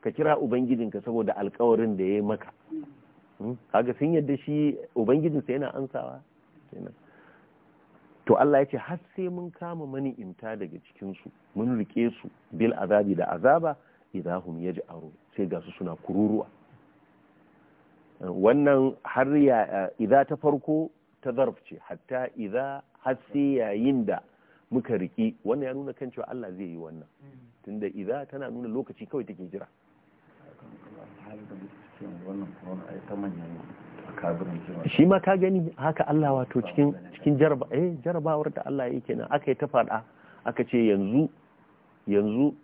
ka kira ubangijinka saboda alkawarin da ya yi maka hmm? kaga sun yadda shi ubangijinsa yana ansawa to Allah ya ce har sai mun kama mani imta daga cikinsu mun rike su bil azabi da azaba idahum yaj'aru sai ga su suna kururuwa wannan har ya idza ta farko ta zarf ce hatta idza har sai yayin da muka riƙe. wannan ya nuna kan cewa Allah zai yi wannan hmm. tunda idza tana nuna lokaci kawai take jira shi ma ka gani haka Allah wato cikin jaraba eh jarabawar da Allah yake nan aka yi ta fada aka ce yanzu yanzu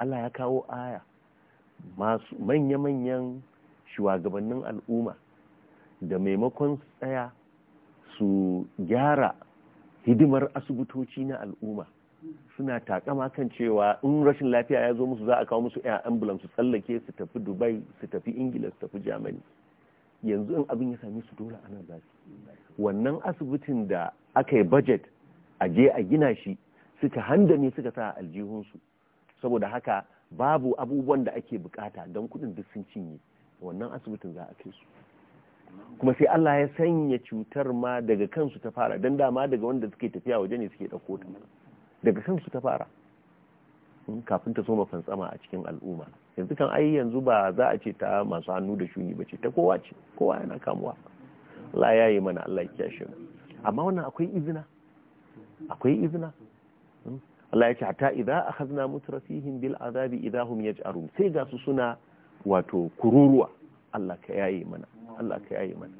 Allah ya kawo aya masu manya-manyan shugabannin al'umma da maimakon tsaya su gyara hidimar asibitoci na al'umma suna takama kan cewa in rashin lafiya ya zo musu za a kawo musu yan ambulance su tsallake su tafi dubai su tafi ingila su tafi germany yanzu in abin ya sami su dole ana za su wannan asibitin da aka yi budget a je a gina shi suka ne suka sa aljihunsu saboda haka babu abubuwan da ake bukata don kudin duk sun cinye wannan asibitin za a kai su kuma sai Allah ya sanya cutar ma daga kansu ta fara dan dama daga wanda suke tafiya waje ne suke ɗauko ta daga su ta fara kafin ta soma fantsama a cikin al'umma yanzu kan ai yanzu ba za a ce ta masu hannu da shuni ba ce ta kowa ce kowa yana kamuwa la ya yi mana Allah ya shi amma wannan akwai izina akwai izina hmm? Allah ya ce hatta idza akhadna mutrafihim bil azabi idza hum yaj'arun sai ga su suna wato kururuwa Allah ka yayi mana Allah ka yayi mana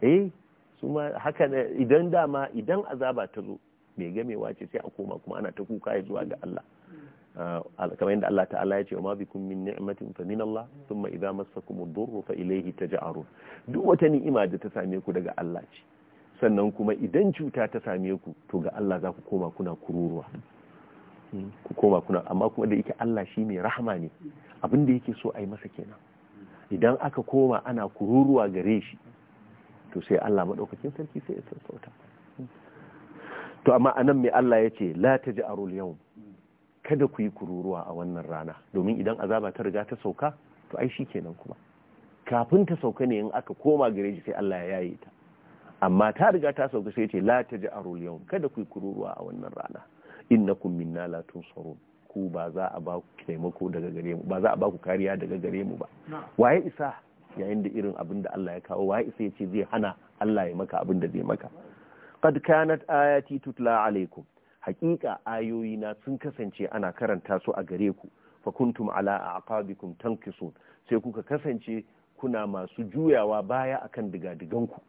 eh su ma haka idan dama idan azaba ta zo mai gamewa ce sai a koma kuma ana ta kuka ya zuwa ga mm. Allah mm. Ah, kamar yadda Allah ta'ala ya ce ma bikum min ni'matin fa min Allah thumma idza massakum ad-durru fa ilayhi taj'arun duk wata ni'ima da ta same ku daga Allah ce sannan kuma idan cuta ta same ku to ga Allah za ku koma kuna kururuwa mm. ku koma kuna amma kuma da yake Allah shi mai rahama ne abin da yake so a yi masa kenan idan aka koma ana kururuwa gare shi to sai Allah madaukakin sarki sai ya sassauta to amma anan mai Allah ya ce la ta ji arul yau kada ku yi kururuwa a wannan rana domin idan azaba ta riga ta sauka to ai shi kenan kuma kafin ta sauka ne in aka koma gare shi sai Allah ya yaye ta amma ta riga ta sauka sai ce la ta ji arul yau kada ku yi kururuwa a wannan rana innakum minna la tunsarun ku ba za a ba ku taimako daga gare mu ba za a ba ku kariya daga gare mu ba waye isa yayin da irin abin da Allah ya kawo waye isa ya ce zai hana Allah ya maka abin da zai maka qad kanat ayati tutla alaikum haƙiƙa ayoyina sun kasance ana karanta su a gare ku fa kuntum ala aqabikum tankisun sai kuka kasance kuna masu juyawa baya akan ku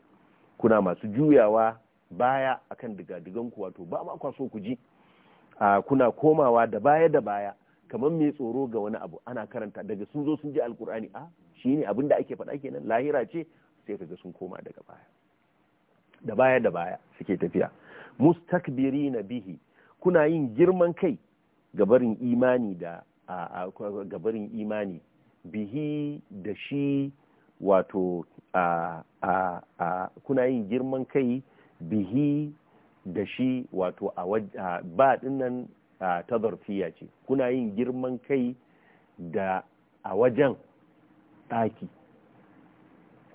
kuna masu juyawa baya akan ku wato ba ma kwaso ku ji kuna komawa da baya da baya kamar mai tsoro ga wani abu ana karanta daga sun zo sun ji alkur'ani a ah, shine abin da ake faɗa kenan lahira ce sai kaga sun koma daga baya da baya da baya suke tafiya mustakbiri na bihi kuna yin girman kai gabarin imani da gabarin imani bihi da shi wato a a a kuna yin girman kai bihi da shi wato a ba dinnan ta zarfiya ce kuna yin girman kai da a wajen ɗaki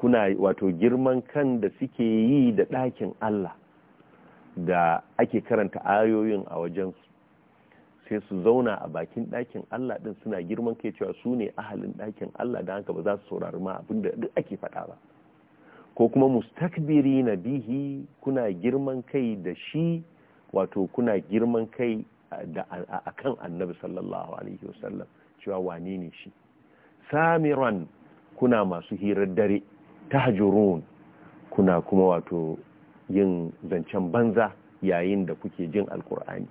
kuna wato girman kan da suke yi da ɗakin Allah da ake karanta ayoyin a wajensu sai su zauna a bakin ɗakin Allah ɗin suna girman kai cewa su ne ahalin ɗakin Allah da haka ba za su saurari ma abin da duk ake faɗa ba ko kuma mustakbiri na bihi kuna girman kai da shi wato kuna girman kai a kan annabi sallallahu alaihi wasallam cewa wane ne shi samiran kuna masu hirar dare ta tahjurun kuna kuma wato yin zancen banza yayin da kuke jin alkur'ani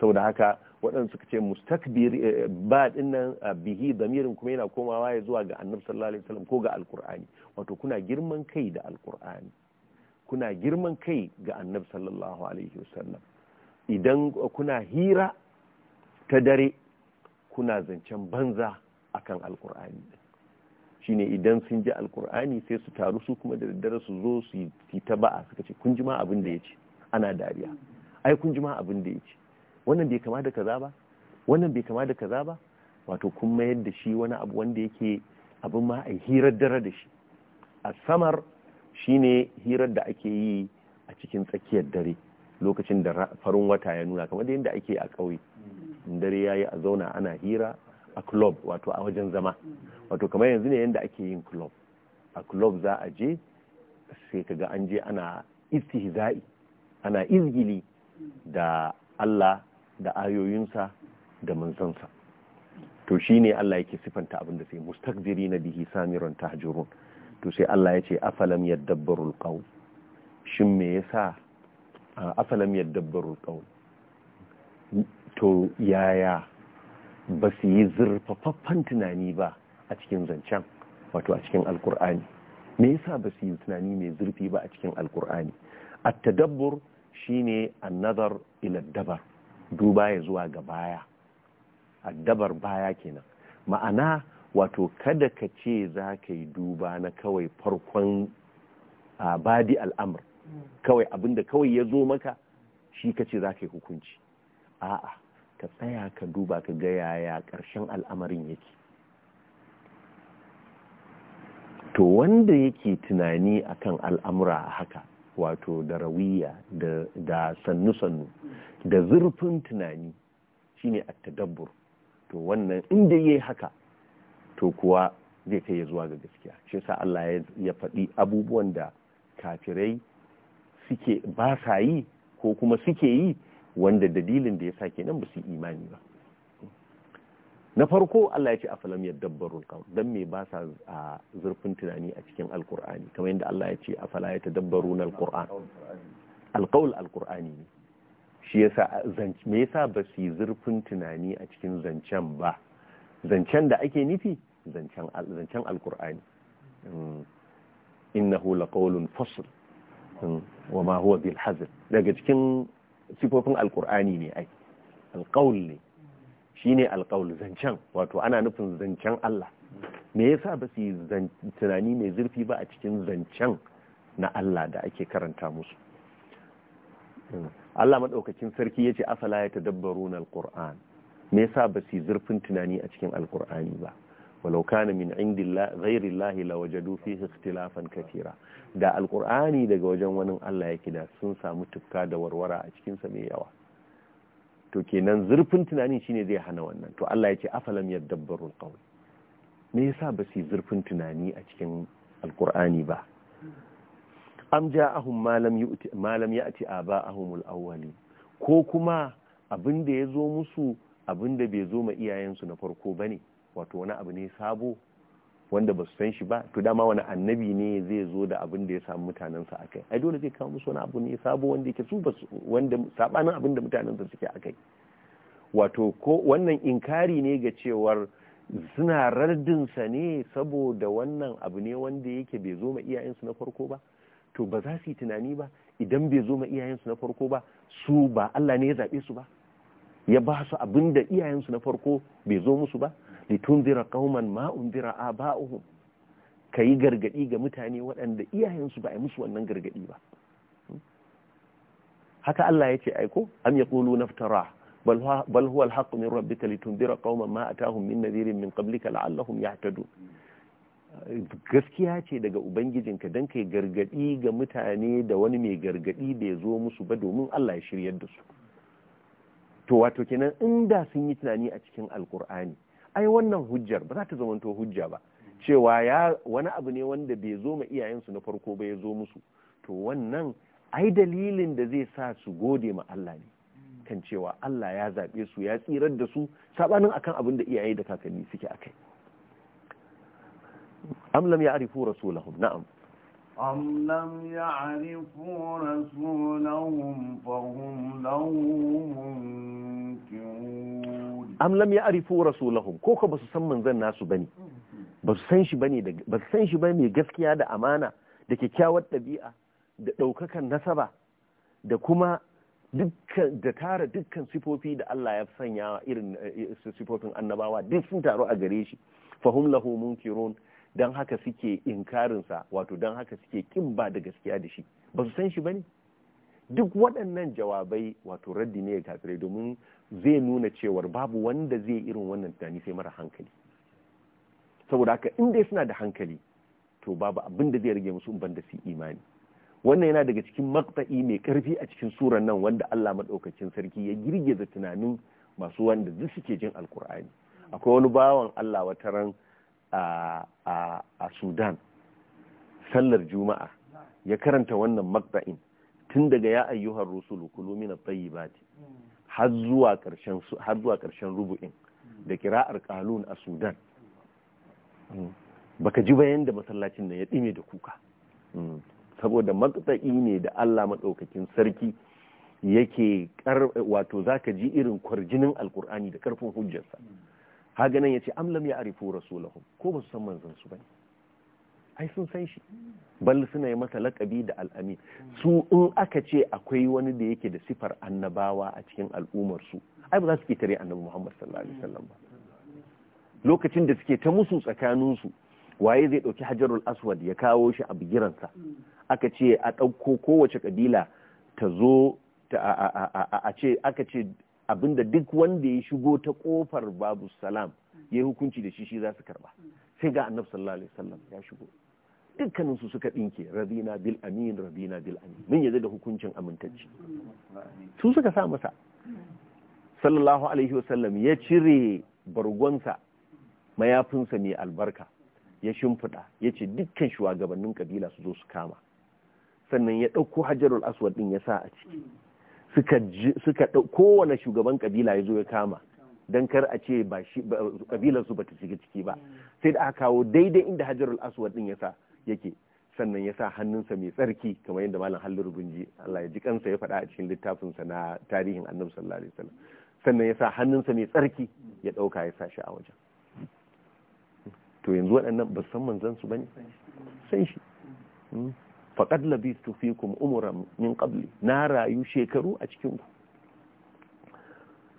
saboda haka waɗanda suka ce mustakbir eh, ba nan eh, bihi zamirin kuma yana komawa ya zuwa ga annabi sallallahu alaihi ko ga alkur'ani wato kuna girman kai da alkur'ani kuna girman kai ga annabi sallallahu alaihi wasallam idan kuna hira ta dare kuna zancen banza akan alkur'ani shine idan sun ji alkur'ani sai su taru su kuma da daddare su zo su yi ta ba'a suka ce kun ji abin da ya ce ana dariya ai kun ji abin da ya ce wannan bai kama da kaza ba wannan bai kama da kaza ba wato kun mayar da shi wani abu wanda yake abin ma a hirar dare da shi a samar shine hirar da ake yi a cikin tsakiyar dare lokacin da farin wata ya nuna kamar da yadda ake a ƙauye dare ya yi a zauna ana hira a club wato a wajen zama wato kamar yanzu ne yadda ake yin club a club za a je sai kaga an je ana istihza'i ana izgili da Allah da ayoyinsa da manzansa to shine Allah yake sifanta abin da sai na bihi samiran tahjurun to sai Allah ya ce afalam yaddabbarul qawl shin me yasa afalam yaddabbarul qawl to yaya ba su yi zurfafaffen tunani ba a cikin zancen wato a cikin alkur'ani me yasa ba su yi tunani mai zurfi ba a cikin alkur'ani at-tadabbur shine a nazar ila dabar duba ya zuwa ga baya addabar baya kenan ma'ana wato kada ka ce za ka yi duba na kawai farkon badi al'amur hmm. kawai abinda kawai ya zo maka shi ka ce za ka yi hukunci a'a ka tsaya ka duba ka ga yaya ƙarshen al'amarin yake to wanda yake tunani akan al'amura haka wato da rawiya da sannu-sannu da zurfin tunani shine a tadabbur to wannan inda ya haka to kuwa zai kai ya zuwa ga gaskiya shi sa Allah ya faɗi abubuwan da kafirai suke ba sa yi ko kuma suke yi wanda dalilin da ya sa kenan ba su imani ba na farko Allah ya ce afalam yadabbarul qawl dan me ba sa zurfin tunani a cikin alqur'ani kamar yadda Allah ya ce afala yatadabbaruna alqur'an alqawl alqur'ani ne shi yasa zance me yasa ba su zurfin tunani a cikin zancen ba zancen da ake nufi zancen zancen alqur'ani hmm. innahu laqawlun fasl hmm. wa ma huwa bil hazl daga cikin sifofin alkur'ani ne ai alƙaul ne shi ne alƙaul zancen wato ana nufin zancen Allah me yasa ba su yi tunani mai zurfi ba a cikin zancen na Allah da ake karanta musu Allah maɗaukacin sarki ya ce asala ya ta dabbaru na alkur'an me yasa ba su yi zurfin tunani a cikin alkur'ani ba walau kana min ghairi la lawajadu fihi ikhtilafan katira da alqur'ani daga wajen wani Allah yake da sun samu tufka da warwara a cikin sa mai yawa to kenan zurfin tunani shine zai hana wannan to Allah ya ce afalam yadabbarul qawl me yasa ba su zurfin tunani a cikin alqur'ani ba am ja'ahum ma lam yu'ti ma lam ya'ti aba'ahum alawwali ko kuma abinda da ya zo musu abin bai zo ma iyayensu na farko bane wato wani abu ne sabo wanda ba su san shi ba to dama wani annabi ne zai zo da abin da ya samu mutanensa akai ai dole zai kawo musu wani abu ne sabo wanda yake su wanda sabanin abin da mutanensa suke akai wato ko wannan inkari ne ga cewar suna rardinsa ne saboda wannan abu ne wanda yake bai zo ma iyayensu na farko ba to ba za su yi tunani ba idan bai zo ma iyayensu na farko ba su ba Allah ne ya zaɓe su ba ya ba su abin iyayensu na farko bai zo musu ba litunzira qauman ma undira aba'uhum kayi gargadi ga mutane waɗanda iyayensu ba a musu wannan gargadi ba haka Allah ya ce aiko am yaqulu naftara bal huwa alhaq min rabbika litunzira qauman ma atahum min nadhirin min qablika la'allahum yahtadun gaskiya ce daga ubangijinka dan kai gargadi ga mutane da wani mai gargadi bai zo musu ba domin Allah ya shiryar da su to wato kenan inda sun yi tunani a cikin alkur'ani ai wannan hujjar ba za ta zamanto hujja ba cewa ya wani abu ne wanda bai zo ma iyayensu na farko ba ya zo musu to wannan ai dalilin da zai sa su gode ma Allah ne kan cewa Allah ya zaɓe su ya tsirar da su sabanin akan abin da iyaye da kakanni suke akai am lam ya'rifu rasulahum na'am am lam ya'rifu rasulahum fa hum lahum munkirun am lam arifu rasulahum ko ko basu san manzon nasu bane basu san shi bane da basu san shi bane gaskiya da amana da kyakkyawar ɗabi'a da ɗaukakan nasaba da kuma dukkan da tara dukkan sifofi da Allah ya sanya irin eh, sifofin annabawa duk sun taru a gare shi fahum lahu munkirun dan haka suke inkarin sa wato dan haka suke kin ba da gaskiya da shi basu san shi bane duk waɗannan jawabai wato raddi ne kafirai domin zai nuna cewar babu wanda zai irin wannan tunani sai mara hankali saboda haka in dai suna da hankali to babu abin da zai rage musu in banda su imani wannan yana daga cikin makta'i mai karfi a cikin suran nan wanda Allah madaukakin sarki ya girgiza tunanin masu wanda duk suke jin alkur'ani akwai wani bawan Allah ran a a a Sudan sallar juma'a ya karanta wannan makba'in tun daga ya ayyuhar rusulu kulu min at-tayyibati har zuwa ƙarshen rubu'in da kira'ar ƙalun a sudan mm. baka ji bayan da masallacin nan ya ɗime da kuka mm. saboda matsatsi ne da allah maɗaukakin sarki yake wato za ka ji irin kwarjinin alkur'ani da ƙarfin hujjarsa haganan ya ce amlam ya arifu rasulahu ko ba su san manzansu ba ne ai sun san shi bal suna yi masa lakabi da al'amin su in aka ce akwai wani da yake da sifar annabawa a cikin al'ummar su ai ba za su tare annabi Muhammad sallallahu alaihi wasallam ba lokacin da suke ta musu tsakanin su waye zai dauki hajarul aswad ya kawo shi a sa aka ce a dauko kowace kabila ta zo a ce aka ce abinda duk wanda ya shigo ta kofar babu salam ya yi hukunci da shi shi za su karba sai ga annabi sallallahu alaihi wasallam ya shigo dukkanin su suka ɗinke radina bil amin radina bil amin mun yadda da hukuncin amintacci su suka sa masa sallallahu alaihi wasallam ya cire bargonsa mayafinsa mai albarka ya shimfiɗa yace ce dukkan shugabannin kabila su zo su kama sannan ya ɗauko hajarul aswad ɗin ya sa a ciki suka kowane shugaban kabila ya zo ya kama dan kar a ce ba shi kabilar su bata shiga ciki ba sai da aka kawo daidai inda hajarul aswad din ya sa yake sannan ya sa hannunsa mai tsarki kamar yadda malam hallar bunji Allah ya ji kansa ya faɗa a cikin littafinsa na tarihin annabi sallallahu alaihi wasallam sannan ya sa hannunsa mai tsarki ya ɗauka ya sa shi a wajen to yanzu waɗannan ba san manzon su bane san shi hmm. faqad labistu fikum umuran min qabli na rayu shekaru a cikin ku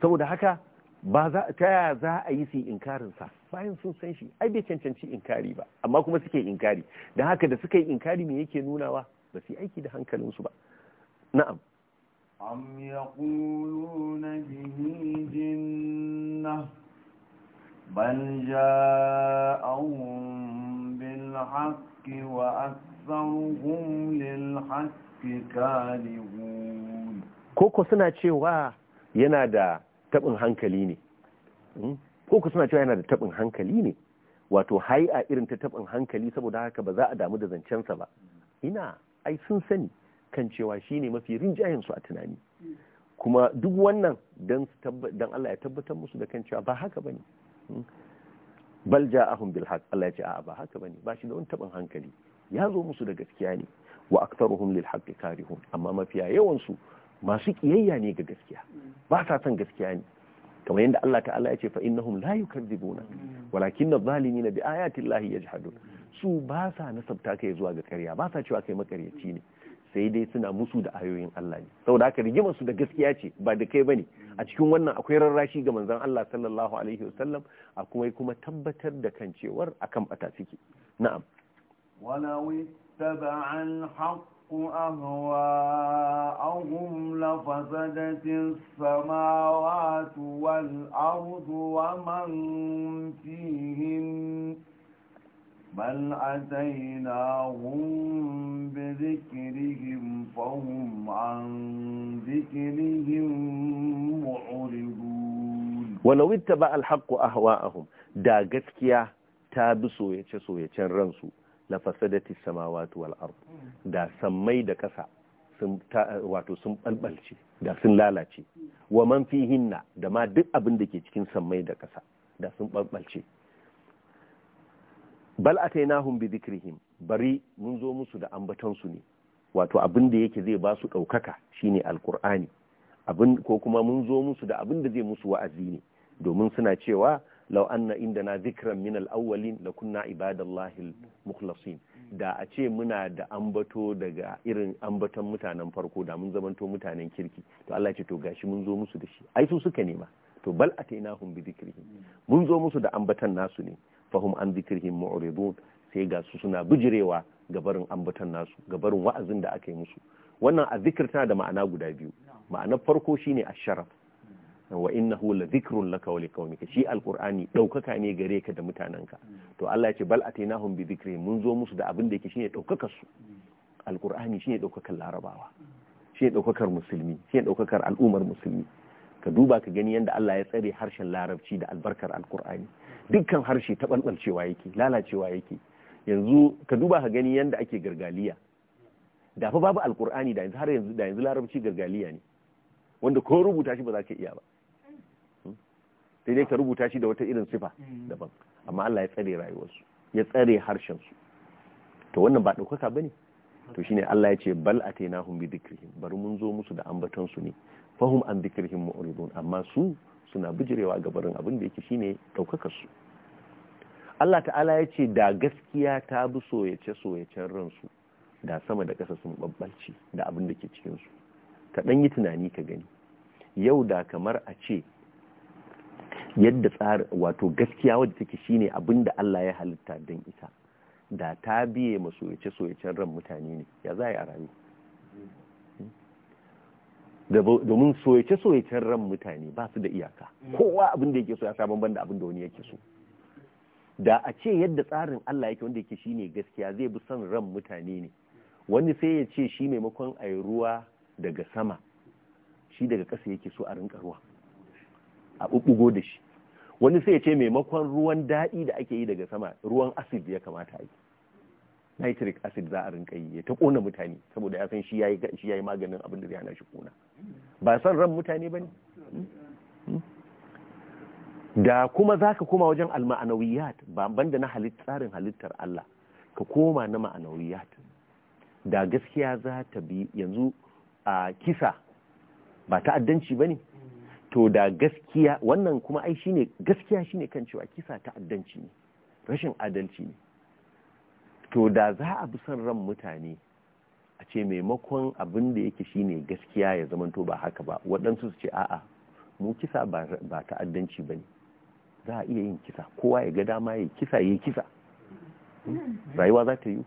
saboda haka ba za ta za a yi su inkarin sa bayan sun san shi ai bai cancanci inkari ba amma kuma suke inkari da haka da suka yi inkari me yake nunawa ba su aiki da hankalinsu ba na'am am yaquluna bihi haqqi wa جاءهم lil haqqi kalihun Koko suna cewa yana da. taɓin hankali ne hmm? ko ku suna cewa yana da taɓin hankali ne wato hai a irin ta taɓin hankali saboda haka ba za a damu da zancensa ba ina ai sun sani kan cewa shi ne mafi rinjayen su a tunani kuma duk wannan don Allah ya tabbatar musu da kan cewa ba haka bane hmm? bal a bil haqq Allah ya ce a'a ba haka bane ba shi da wani taɓin hankali ya zo musu da gaskiya ne wa aktharuhum lil haqqi karihun amma mafiya yawansu. masu kiyayya ne ga gaskiya ba sa son gaskiya ne kamar yadda Allah ta'ala ya ce fa innahum la yukadzibuna walakin adh-dhalimina bi ayati llahi yajhadun su ba sa nasabta kai zuwa ga ƙarya ba sa cewa kai makaryaci ne sai dai suna musu da ayoyin Allah ne saboda haka rigimar su da gaskiya ce ba da kai bane a cikin wannan akwai rarrashi ga manzon Allah sallallahu alaihi wasallam akwai kuma tabbatar da kan cewar akan bata suke na'am walawi tabi'an haqq أهواءهم لفسدت السماوات والأرض ومن فيهن بل أتيناهم بذكرهم فهم عن ذكرهم معرضون ولو اتبع الحق أهواءهم دا gaskiya ta bi soyace-soyacen la fasadati samawati wal ard da sammai da kasa sun wato sun balbalce da sun lalace wa man fihinna da ma duk abin da ke cikin sammai da kasa da sun balbalce bal atainahum bi dhikrihim bari mun zo musu da ambaton su ne wato abin da yake zai ba su daukaka shine alqur'ani abin ko kuma mun zo musu da abin da zai musu wa'azi ne domin suna cewa law anna indana zikiran min al-awwalin kunna ibadallahi al-mukhlasin da a ce muna da ambato daga irin ambaton mutanen farko da mun zamanto mutanen kirki to Allah ce to gashi mun zo musu da shi ai su suka nema to bal atainahum bi dhikrihim mun zo musu da ambaton nasu ne fahum an dhikrihim mu'ridun sai ga su suna bijirewa gabarin ambaton nasu gabarin wa'azin da aka yi musu wannan a zikirta tana da ma'ana guda biyu ma'anar farko shine asharaf wa innahu la dhikrun laka wa liqaumika shi alqur'ani daukaka ne gare ka da mutananka to Allah ya ce bal atainahum bi dhikri mun zo musu da abin da yake shine daukakar su alqur'ani shine daukakar larabawa shine daukakar musulmi shine daukakar al'ummar musulmi ka duba ka gani yadda Allah ya tsare harshen larabci da albarkar alqur'ani dukkan harshe ta balbalcewa yake lalacewa yake yanzu ka duba ka gani yadda ake gargaliya da fa babu alqur'ani da yanzu har yanzu da yanzu larabci gargaliya ne wanda ko rubuta shi ba za ka iya ba sai dai ka rubuta shi da wata irin sifa mm. daban amma Allah ya tsare rayuwarsu ya tsare harshen su to wannan ba ɗaukaka bane to shine Allah ya ce bal atainahum bi dhikrihim bari mun zo musu da ambaton su ne fahum an dhikrihim mu'ridun amma su suna bijirewa ga barin abin da yake shine ɗaukakar su Allah ta'ala ya ce da gaskiya ta bi soyace soyacen ransu da sama da ƙasa sun babbalci da abin da ke cikinsu ka ɗan yi tunani ka gani yau da kamar a ce yadda tsari wato gaskiya wadda take shine abin da Allah ya halitta don isa da ta biye ma soyace soyacen ran mutane ne ya za a rayu domin soyace soyacen ran mutane ba su da iyaka kowa abin da yake so ya sa banban da abin da wani yake so da a ce yadda tsarin Allah yake wanda yake shine gaskiya zai bi son ran mutane ne wani sai ya ce shi maimakon a yi ruwa daga sama shi daga ƙasa yake so a rinka ruwa a ɓuɓɓugo da shi wani sai ya ce maimakon ruwan daɗi da ake yi daga sama ruwan acid ya kamata a yi nitric acid za a rinka yi ta ƙona mutane saboda ya san shi yayi shi yayi maganin abin da zai shi ƙona. ba san ran mutane bane hmm? da kuma zaka koma wajen alma'anawiyat ba banda na halitta tsarin halittar Allah ka koma na ma'anawiyat da gaskiya za ta bi yanzu a kisa ba ta'addanci bane to da gaskiya wannan kuma ai shine gaskiya shine kan cewa kisa ta'addanci ne rashin adalci ne to da za a bi son ran mutane a ce maimakon abin da yake shine gaskiya ya zamanto ba haka ba waɗansu su ce a'a mu kisa ba ta'addanci ba ne za a iya yin kisa kowa ya ga dama ya kisa ya kisa rayuwa za ta yi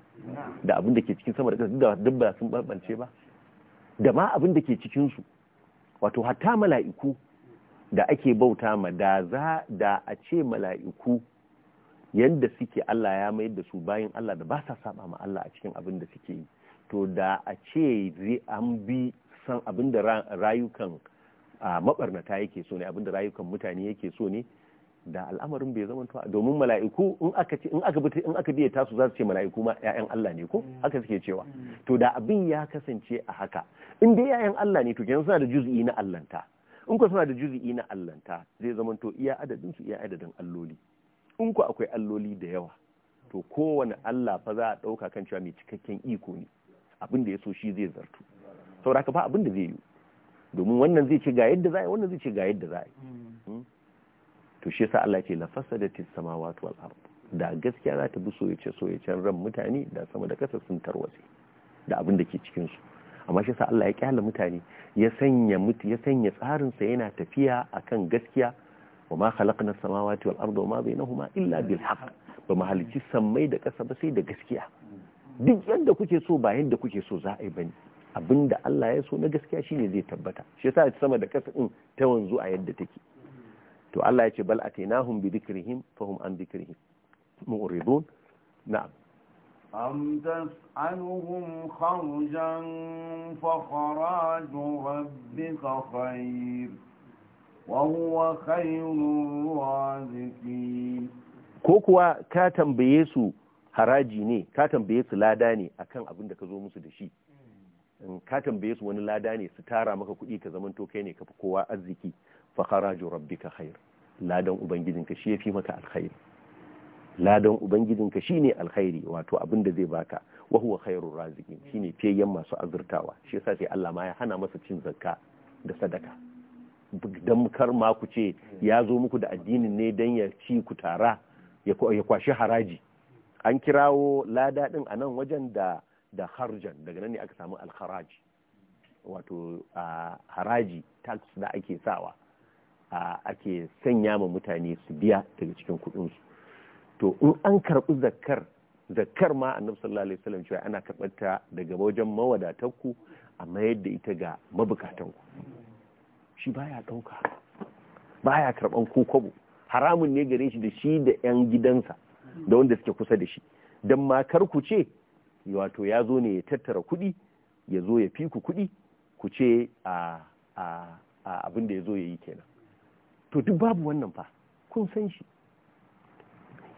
da abin da ke cikin sama da da dabba sun bambance ba da ma abin da ke cikinsu wato hatta mala'iku da ake bauta ma da za da a ce mala'iku yadda suke Allah ya mayar da su bayan Allah da ba sa saba ma Allah a cikin abin da suke yi to da a ce zai an bi san abin da rayukan maɓarnata yake so ne abin da rayukan mutane yake so ne da al'amarin bai zama tuwa domin mala'iku in aka ce in aka biya tasu za su ce mala'iku ma yayan Allah ne ko haka suke cewa to da abin ya kasance a haka in dai yayan Allah ne to kenan suna da juz'i na Allahn ta in ku suna da juzi'i na allanta zai zama to iya adadin su iya adadin alloli in ku akwai alloli da yawa to kowane Allah fa za a ɗauka kan cewa mai cikakken iko ne abin da ya so shi zai zartu saboda ka ba abin da zai yi domin wannan zai ce ga yadda za a yi wannan zai ce ga yadda za a yi hmm. Hmm? to shi yasa Allah ce la fasadatis samawati wal ard da gaskiya za ta bi soyace soyacen ran mutane da sama da kasa sun tarwatse da abin da ke cikin su amma shi sa Allah ya kyala mutane ya sanya mutu ya sanya tsarin sa yana tafiya akan gaskiya wa ma khalaqna samawati wal arda wa ma bainahuma illa bil haqq ba mu halicci sammai da ƙasa ba sai da gaskiya duk yadda kuke so ba yadda kuke so za a yi bane abinda Allah ya so na gaskiya shine zai tabbata shi yasa sama da ƙasa din ta wanzu a yadda take to Allah ya ce bal atainahum bi dhikrihim fahum an dhikrihim mu'ridun na'am أم تسألهم خرجا فخراج ربك خير وهو خير الرازقين ko kuwa ka tambaye haraji ne ka tambaye su lada ne akan abin da ka zo musu da shi in ka tambaye su wani lada ne su tara maka kuɗi ka zaman to kai ne ka fi kowa arziki fa kharaju rabbika khair ladan ubangijinka shi fi maka alkhair. ladan ubangijinka shine alkhairi wato abin da zai baka wa huwa khairur raziqin shine fiyayyen masu azurtawa shi yasa sai Allah ma ya hana masa cin zakka da sadaka dan kar ma ku ce ya zo muku da addinin ne dan ya ci ku tara ya kwashi haraji an kirawo lada din a nan wajen da da harjan daga nan ne aka samu alharaji wato haraji tax da ake sawa ake sanya ma mutane su biya daga cikin su to in an karɓi zakar, zakar ma annabi sallallahu alaihi wasallam cewa ana karɓar daga wajen mawadatanku a mayar da ita ga mabukatanku shi baya ɗauka baya karɓan ko kwabo haramun ne gare shi da shi da 'yan gidansa da wanda suke kusa da shi dan ma kar ku ce wato ya zo ne ya tattara kuɗi ya zo ya fi ku kuɗi ku ce a abin da ya zo ya yi kenan to duk babu wannan fa kun san shi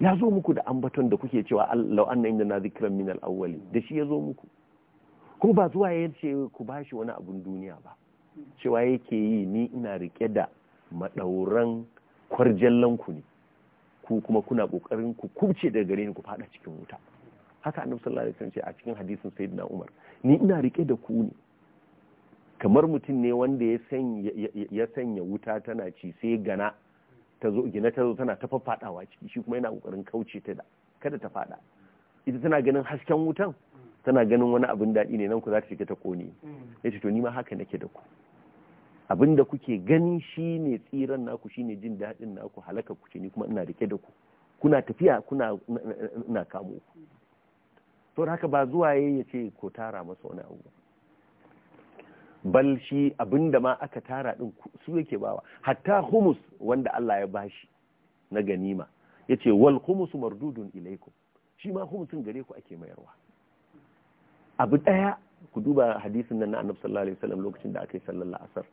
ya zo muku da ambaton da kuke cewa Allah anna inda na zikiran min al-awwali da shi ya zo muku ko ba zuwa ya ce ku bashi wani abun duniya ba cewa yake yi ni ina rike da madauran kwarjallan ku ne ku kuma kuna kokarin ku kubce daga gare ni ku faɗa cikin wuta haka annabi sallallahu alaihi wasallam ce a cikin hadisin sayyidina Umar ni ina rike da ku ne kamar mutum ne wanda ya sanya wuta tana ci sai gana ta zo gina ta zo tana ta faɗawa ciki shi kuma yana kokarin kauce ta da kada ta faɗa ita tana ganin hasken wutan tana ganin wani abin daɗi ne nan ku za ta shiga ta kone ya ce to ni ma haka nake da ku abin da kuke ganin shi ne tsiran naku shi ne jin daɗin naku halaka ku ce ni kuma ina rike da ku kuna tafiya kuna ina kamo ku to haka ba zuwa ya ce ko tara masa wani abu bal shi abinda ma aka tara din su yake bawa hatta humus wanda Allah ya bashi na ganima yace wal Humus mardudun ilaikum shi ma humusin gare ku ake mayarwa abu ɗaya ku duba hadisin nan na Annabi sallallahu alaihi wasallam lokacin da aka yi sallar asar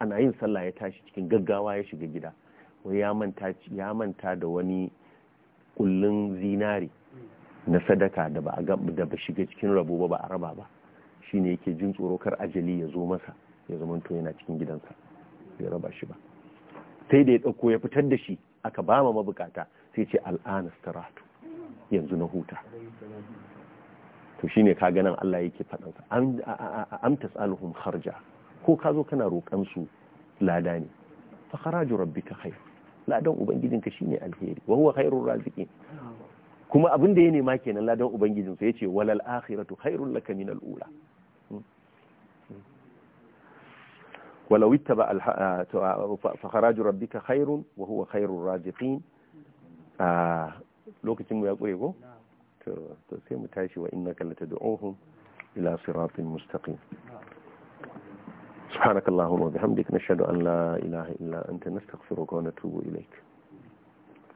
ana yin sallah ya tashi cikin gaggawa ya shiga gida wai ya manta ya manta da wani kullun zinari na sadaka da ba da ba shiga cikin rabo ba ba a raba ba shine yake jin tsoro kar ajali ya zo masa ya zamanto yana cikin gidansa bai raba shi ba sai da ya dauko ya fitar da shi aka ba ma mabukata sai ce al'ana staratu yanzu na huta to shine ka ganin Allah yake faɗansa am tas'aluhum kharja ko ka zo kana roƙan su lada ne fa kharaju rabbika khair ladan ubangijinka shine alheri wa huwa khairur raziqin kuma abin da ya nema kenan ladan ubangijinsa yace walal akhiratu khairul laka min al ula ولو اتبع آه، فخراج ربك خير وهو خير الرازقين آه، لو كتم يقول تسيم تايشي وإنك لتدعوهم إلى صراط مستقيم سبحانك اللهم وبحمدك نشهد أن لا إله إلا أنت نستغفرك ونتوب إليك